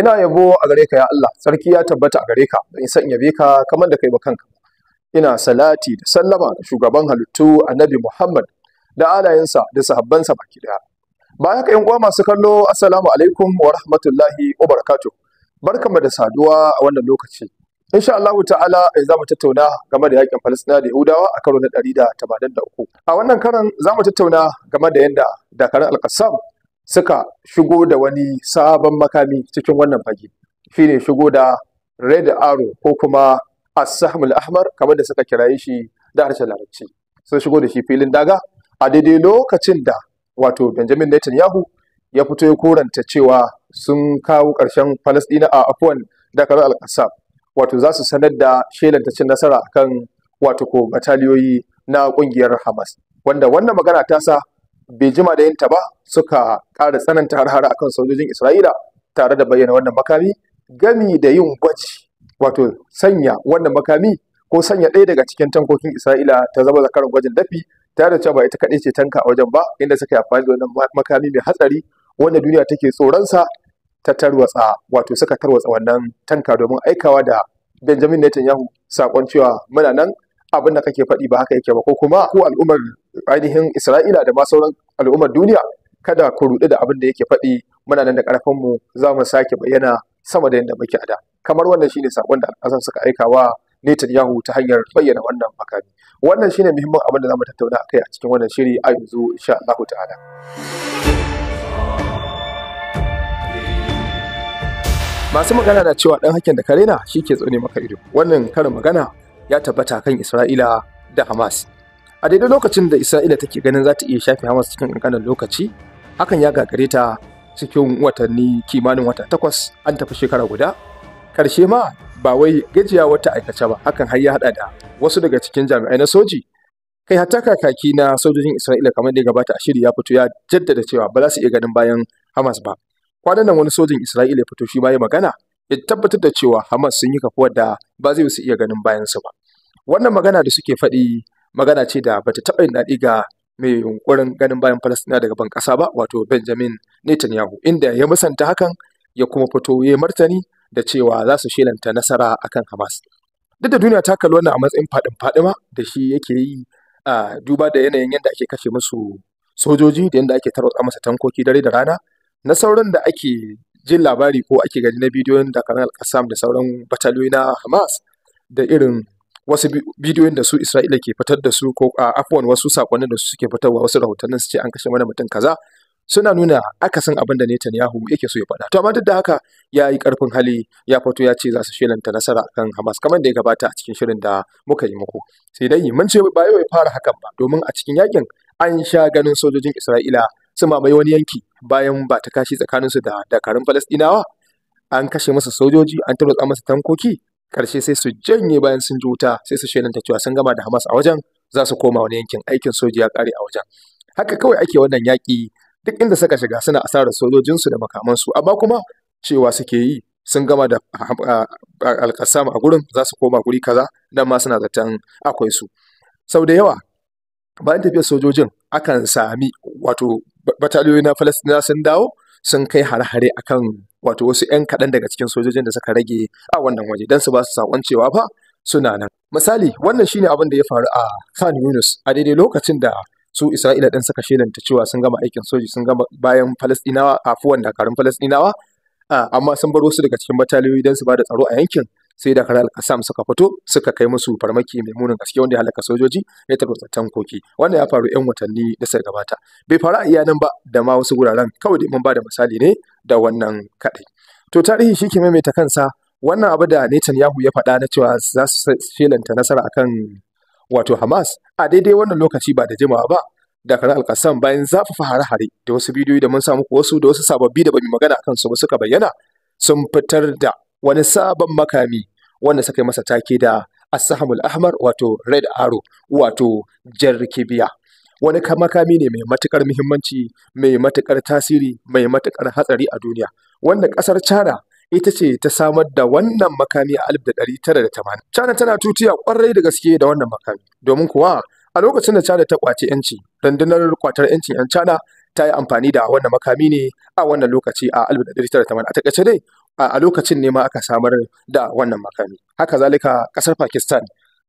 ina yabo a gare ka ya Allah sarki ya tabbata a gare ka ban san yabe ka kamar da kai ba kanka ina salati da sallama da shugaban halittu annabi Muhammad da alayensa da sahabbansa baki daya bayan ka yin goma masu kallo assalamu alaikum wa rahmatullahi wa barakatuh barkamu da saduwa a wannan lokaci insha Allah ta'ala ai eh, zamu tattauna game da yakin Falastina da Yahudawa a karo na 183 a wannan karan zamu tattauna game da yanda dakarun al suka shigo da wani sabon makami cikin wannan fage Shi ne shigo da red arrow ko kuma as al ahmar kamar da suka kiraye shi da harshen larabci sun shigo da shi filin daga a daidai lokacin da wato Benjamin Netanyahu ya fito ya koranta cewa sun kawo ƙarshen Falasɗina a afuwan Dakar al-Qassam wato za su sanar da shelanta cin nasara kan wato ko bataliyoyi na ƙungiyar Hamas wanda wannan magana ta sa bai jima da yinta ba suka ƙara tsananta har-har kan sojojin Isra'ila tare da bayyana wannan makami gami da yin gwaji wato sanya wannan makami ko sanya ɗaya daga cikin tankokin Isra'ila ta zama zakaran gwajin dafi tare da cewa ba ita kaɗai ce tanka a wajen ba inda suka yi amfani da wannan makami mai hatsari wanda duniya take tsoronsa ta tarwatsa wato suka tarwatsa wannan tanka domin aikawa da Benjamin Netanyahu sakon cewa muna nan abin da kake faɗi ba haka yake ba ko kuma ko al'ummar ainihin Isra'ila da ma sauran al'ummar duniya kada ku ruɗu da abin da yake faɗi muna nan da ƙarfin mu za mu sake bayyana sama da yadda muke ada. kamar wannan shine sakon da alƙasan suka aika wa Netanyahu ta hanyar bayyana wannan makami wannan shine muhimmin abin da za mu tattauna akai a cikin wannan shiri a yanzu insha Allah ta'ala masu magana da cewa dan hakken da karena shi ke tsone maka ido wannan karin magana ya tabbata kan Isra'ila da Hamas a daidai lokacin da isra'ila take ganin za ta iya shafe hamas cikin ƙanƙanin lokaci hakan ya gagare ta cikin watanni kimanin wata takwas an tafi shekara guda Karshe ma ba wai gajiya wata aikace ba hakan har ya haɗa da wasu daga cikin jami'ai na soji kai hatta kakaki na sojojin isra'ila kamar da gabata a shiri ya fito ya jaddada cewa ba za su iya ganin bayan hamas ba kwanan nan wani sojin isra'ila ya fito shi ma ya magana ya tabbatar da cewa hamas sun yi kafuwar da ba zai su iya ganin bayansu ba wannan magana da suke faɗi magana ce da bata taɓa yin daɗi ga mai yunkurin ganin bayan Falastina daga ban ƙasa ba wato Benjamin Netanyahu inda ya musanta hakan ya kuma fito ya martani da cewa za su shelanta nasara akan Hamas. Duk da duniya ta kalli wannan a matsayin faɗin faɗima da shi yake yi a duba da yanayin yadda ake kashe musu sojoji da yadda ake tarwatsa masa tankoki dare da rana na sauran da ake jin labari ko ake gani na bidiyon da kanal al da sauran bataloyi na Hamas da irin wasu bidiyoyin da su Isra'ila ke fitar da su ko a afwan wasu sakonnin da su suke fitarwa wasu rahotannin su ce an kashe mana mutum kaza suna nuna akasin abin da Netanyahu yake so ya faɗa. To amma duk da haka ya yi ƙarfin hali ya fito ya ce za su shelanta nasara kan Hamas kamar da ya gabata a cikin shirin da muka yi muku. Sai dai mun ce ba yau ya fara hakan ba domin a cikin yakin an sha ganin sojojin Isra'ila su mamaye wani yanki bayan ba ta kashi tsakaninsu da dakarun Falastinawa. An kashe masa sojoji, an tarwatsa masa tankoki, Karshe sai su janye bayan sun ji wuta sai su ta cewa sun gama da Hamas a wajen za su koma wani yankin aikin soji ya ƙare a wajen haka kawai ake wannan yaƙi duk inda suka shiga suna asarar sojojinsu da makamansu amma kuma cewa suke yi sun gama da ah, ah, alƙasam a gurin za su koma guri kaza dan ma suna zaton akwai su sau da yawa bayan tafiyar sojojin akan sami wato bataliyoyi na falasɗina sun dawo sun kai hare-hare kan wato wasu 'yan kaɗan daga cikin sojojin da suka rage a wannan waje don su ba su saƙon cewa fa suna nan. Misali wannan shine abin da ya faru a Khan Yunus a daidai lokacin da su Isra'ila ɗin suka shelanta cewa sun gama aikin soji sun gama bayan Falasɗinawa afuwan dakarun Falasɗinawa amma sun bar wasu daga cikin bataliyoyi don su ba da tsaro a yankin sai da karal assam suka fito suka kai musu farmaki mai munin gaske wanda ya halaka sojoji ya tafi koki wannan ya faru yan watanni da suka gabata bai faru a iyanan ba da ma wasu guraren kawai dai mun ba da misali ne da wannan kaɗai to tarihi shi ke maimaita kansa wannan abu da yahu ya faɗa na cewa za su shelanta nasara akan wato Hamas a daidai wannan lokaci ba da jimawa ba Da Dakar Alkassam bayan zafafa hare-hare da wasu bidiyoyi da mun sa muku wasu da wasu sababbi da bamu magana akan su ba suka bayyana sun fitar da wani sabon makami wanda suka yi masa take da asahamul ahmar wato red arrow wato jan rikibiya wani makami ne mai matukar muhimmanci mai matukar tasiri mai matukar hatsari a duniya wanda kasar china ita ce ta samar da wannan makami a 1980 china tana tutiya kwarai da gaske da wannan makami domin kuwa a lokacin da china ta kwace yanci rundunar kwatar yancin yan china ta yi amfani da wannan makami ne a wannan lokaci a 1980 a takaice dai a lokacin ne ma aka samar da wannan makami haka zalika ƙasar pakistan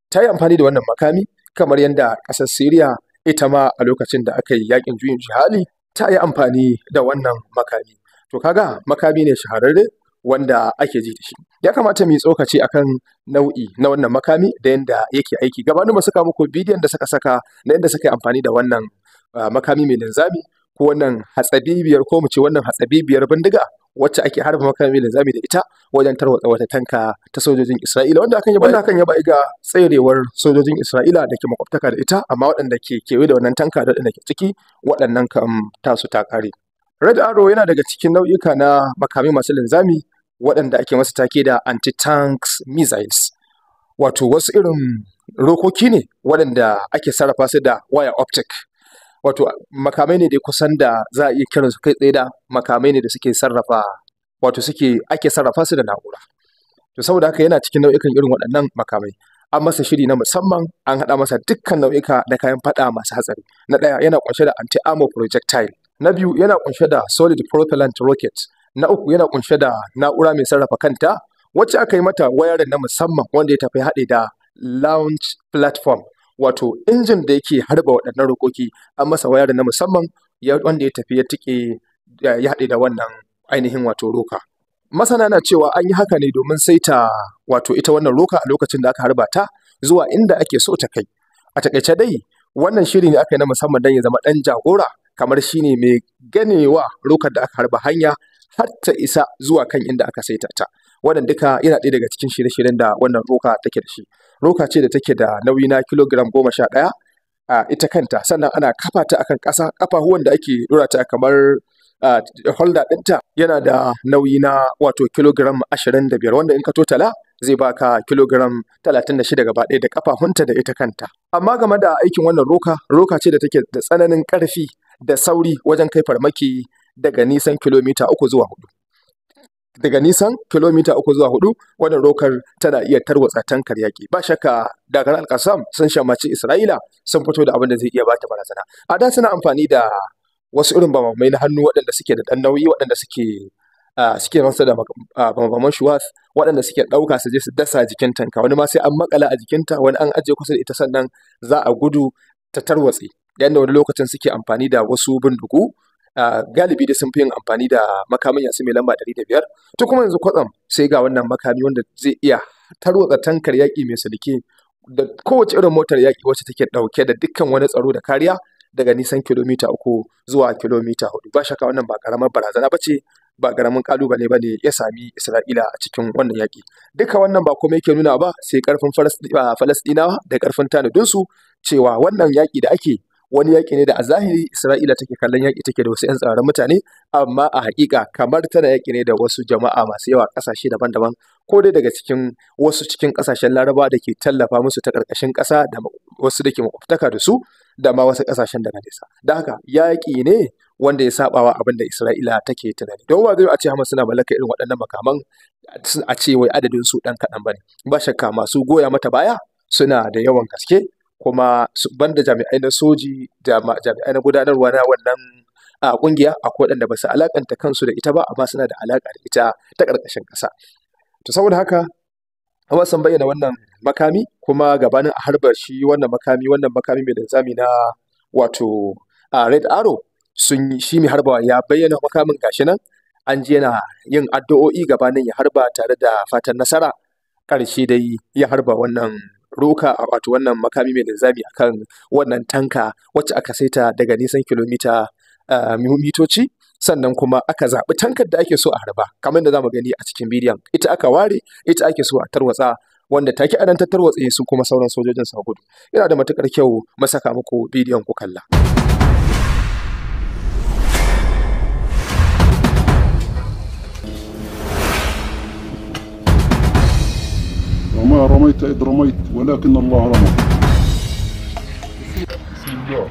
ta yi amfani da wannan makami kamar yadda ƙasar syria ita ma a lokacin da aka yi yakin juyin jihali ta yi amfani da wannan makami to kaga makami ne shahararre wanda ake ji da shi ya kamata mu yi tsokaci akan nau'i na wannan makami da yadda yake aiki gabanin ba suka muku bidiyon da suka saka na yadda suka yi amfani da wannan makami mai linzami ko wannan hatsabibiyar ko mu ce wannan hatsabibiyar bindiga wacce ake harba makamai linzami da ita wajen tarwatsa wata tanka ta sojojin Isra'ila wanda hakan ya bada hakan ya ba ga tserewar sojojin Isra'ila da ke makwabtaka da ita amma waɗanda ke kewaye da wannan tanka da waɗanda ke ciki waɗannan kam tasu ta kare Red Arrow yana daga cikin nau'ika na makamai masu linzami waɗanda ake masa take da anti tank missiles wato wasu irin rokoki ne waɗanda ake sarrafa su da wire optic wato makamai ne da kusan da za a iya kiransu kai tsaye da makamai ne da suke sarrafa wato suke ake sarrafa su da na'ura to saboda haka yana cikin nau'ikan irin waɗannan makamai an masa shiri na musamman an haɗa masa dukkan nau'ika na kayan faɗa masu hatsari na ɗaya yana kunshe da anti-armor projectile na biyu yana ƙunshe da solid propellant rocket na uku yana ƙunshe da na'ura mai sarrafa kanta wacce aka yi mata wayarin na musamman wanda ya tafi haɗe da launch platform wato injin da yake harba waɗannan rokoki an masa wayar na musamman ya wanda ya tafi ya tike ya haɗe da wannan ainihin wato roka masana na cewa an yi haka ne domin saita wato ita wannan roka a lokacin da aka harba ta zuwa inda ake so ta kai a takaice dai wannan shiri ne aka yi na musamman don ya zama ɗan jagora kamar shine mai ganewa rokar da aka harba hanya har ta isa zuwa kan inda aka saita ta wannan duka yana ɗaya daga cikin shirye-shiryen da wannan roka take da shi roka ce da take da nauyi na kilogram goma sha ɗaya a ita kanta sannan ana kafa ta akan ƙasa ƙafafuwan da ake ɗora ta kamar holda ɗinta yana da nauyi na wato kilogram ashirin da biyar wanda in ka totala zai baka kilogram shida gaba ɗaya da kafafunta da ita kanta. Amma game da aikin wannan roka, roka ce da take da tsananin ƙarfi da sauri wajen kai farmaki daga nisan kilomita uku zuwa hudu. daga nisan kilomita uku zuwa hudu wannan rokar tana iya tarwatsa tankar yaƙi ba shakka dakar alkasam sun shamaci isra'ila sun fito da abin da zai iya bata barazana a da suna amfani da wasu irin bamamai na hannu waɗanda suke da ɗan nauyi waɗanda suke suke masa da bambaman shuwas waɗanda suke ɗauka su je su dasa jikin tanka wani ma sai an makala a jikinta wani an ajiye kusa da ita sannan za a gudu ta tarwatse yadda wani lokacin suke amfani da wasu bindigu galibi da sun fi yin amfani da makamin yasu mai lamba ɗari da biyar to kuma yanzu kwatsam sai ga wannan makami wanda zai iya tarwatsa tankar yaƙi mai sulke da kowace irin motar yaƙi wacce take ɗauke da dukkan wani tsaro da kariya daga nisan kilomita uku zuwa kilomita hudu ba shakka wannan ba karamar barazana ba ce ba karamin kalubale ba ne ya sami isra'ila a cikin wannan yaƙi duka wannan ba komai yake nuna ba sai karfin falastinawa da karfin tanadunsu, cewa wannan yaƙi da ake wani yaƙi ne da a zahiri Isra'ila take kallon yaƙi take da wasu 'yan tsirarin mutane amma a haƙiƙa kamar tana yaƙi ne da wasu jama'a masu yawa ƙasashe daban-daban ko dai daga cikin wasu cikin ƙasashen Laraba da ke tallafa musu ta ƙarƙashin ƙasa da wasu da ke makwabtaka da su da ma wasu ƙasashen daga nesa. Da haka yaƙi ne wanda ya sabawa abin da Isra'ila take tunani. Don wa zai a ce Hamas suna mallaka irin waɗannan makaman a ce wai adadin su ɗan kaɗan bane. Ba shakka masu goya mata baya suna da yawan gaske kuma banda jami'ai na soji jami'ai na gudanarwa na wannan a kungiya akwai waɗanda ba su alakanta kansu da ita ba amma suna da alaka da ita ta ƙarƙashin kasa. to saboda haka amma sun bayyana wannan makami kuma gabanin a harba shi wannan makami wannan makami mai linzami na wato a red arrow sun shi mai harbawa ya bayyana makamin gashi nan an ji yana yin addu'o'i gabanin ya harba tare da fatan nasara ƙarshe dai ya harba wannan roka a wato wannan makami mai linzami akan wannan tanka wacce aka saita daga nisan kilomita mitoci sannan kuma aka zaɓi tankar da ake so a harba kamar da za mu gani a cikin bidiyon ita aka ware ita ake so a tarwatsa wanda take adan ta tarwatse su kuma sauran sojojin sa gudu yana da matukar kyau masaka muku bidiyon ku kalla رميت إذ رميت ولكن الله رمى بسم الله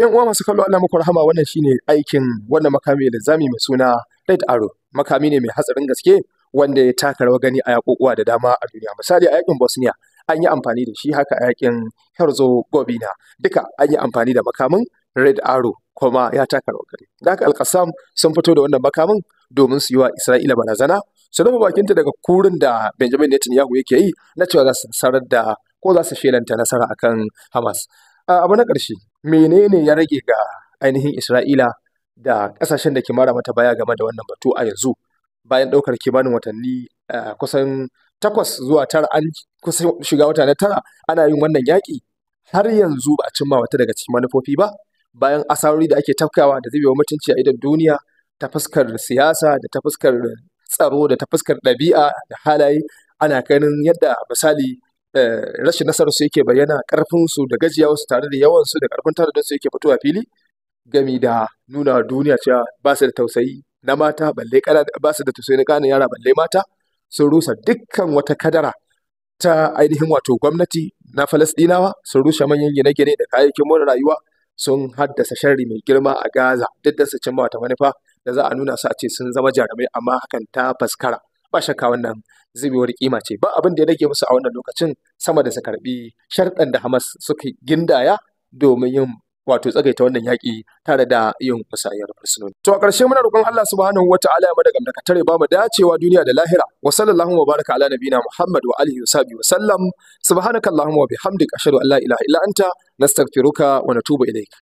yan uwa masu kallo Allah muku rahama wannan shine aikin wannan makami da zami mai suna Light Aro. makami ne mai hatsarin gaske wanda ya taka rawa gani a yakokuwa da dama a duniya misali a yakin Bosnia an yi amfani da shi haka a yakin Herzegovina duka an yi amfani da makamin Red Aro kuma ya taka rawa gani da haka Alƙasam sun fito da wannan makamin domin su yi wa Isra'ila barazana su bakin bakinta daga kurin da Benjamin Netanyahu yake yi na cewa za su sarar da ko za su shelanta nasara akan Hamas abu na ƙarshe menene ya rage ga ainihin isra'ila da ƙasashen da ke mara mata baya game da wannan batu a yanzu bayan ɗaukar kimanin watanni kusan takwas zuwa tara an kusan shiga wata na tara ana yin wannan yaƙi har yanzu ba a cimma wata daga cikin manufofi ba bayan asarori da ake tafkawa da zai mutunci a idon duniya ta fuskar siyasa da ta fuskar tsaro da ta fuskar ɗabi'a da halaye ana ganin yadda misali Eh, rashin nasarar su yake bayyana karfin su da gajiya su tare da yawan su da karfin tare su yake fitowa fili gami da nuna duniya cewa ba su da tausayi na mata balle kana ba su da tausayi na kanin yara balle mata sun rusa dukkan wata kadara ta ainihin wato gwamnati na Falasɗinawa sun rusa manyan gine-gine da kayayyakin more rayuwa sun haddasa sharri mai girma a Gaza duk da su cimma wata manufa da za a nuna su a ce sun zama jarumai amma hakan ta faskara ba shakka wannan zubewar kima ce ba abin da ya rage musu a wannan lokacin sama da su karbi sharɗan da Hamas suka gindaya domin yin wato tsagaita wannan yaƙi tare da yin musayar fursunoni. To a ƙarshe muna roƙon Allah subhanahu wa ta'ala ya madaga da katare ba mu dacewa duniya da lahira wa sallallahu wa baraka ala nabiyina Muhammad wa alihi wa sahbihi wa sallam subhanakallahumma wa bihamdika ashhadu an la ilaha illa anta nastaghfiruka wa natubu ilaik.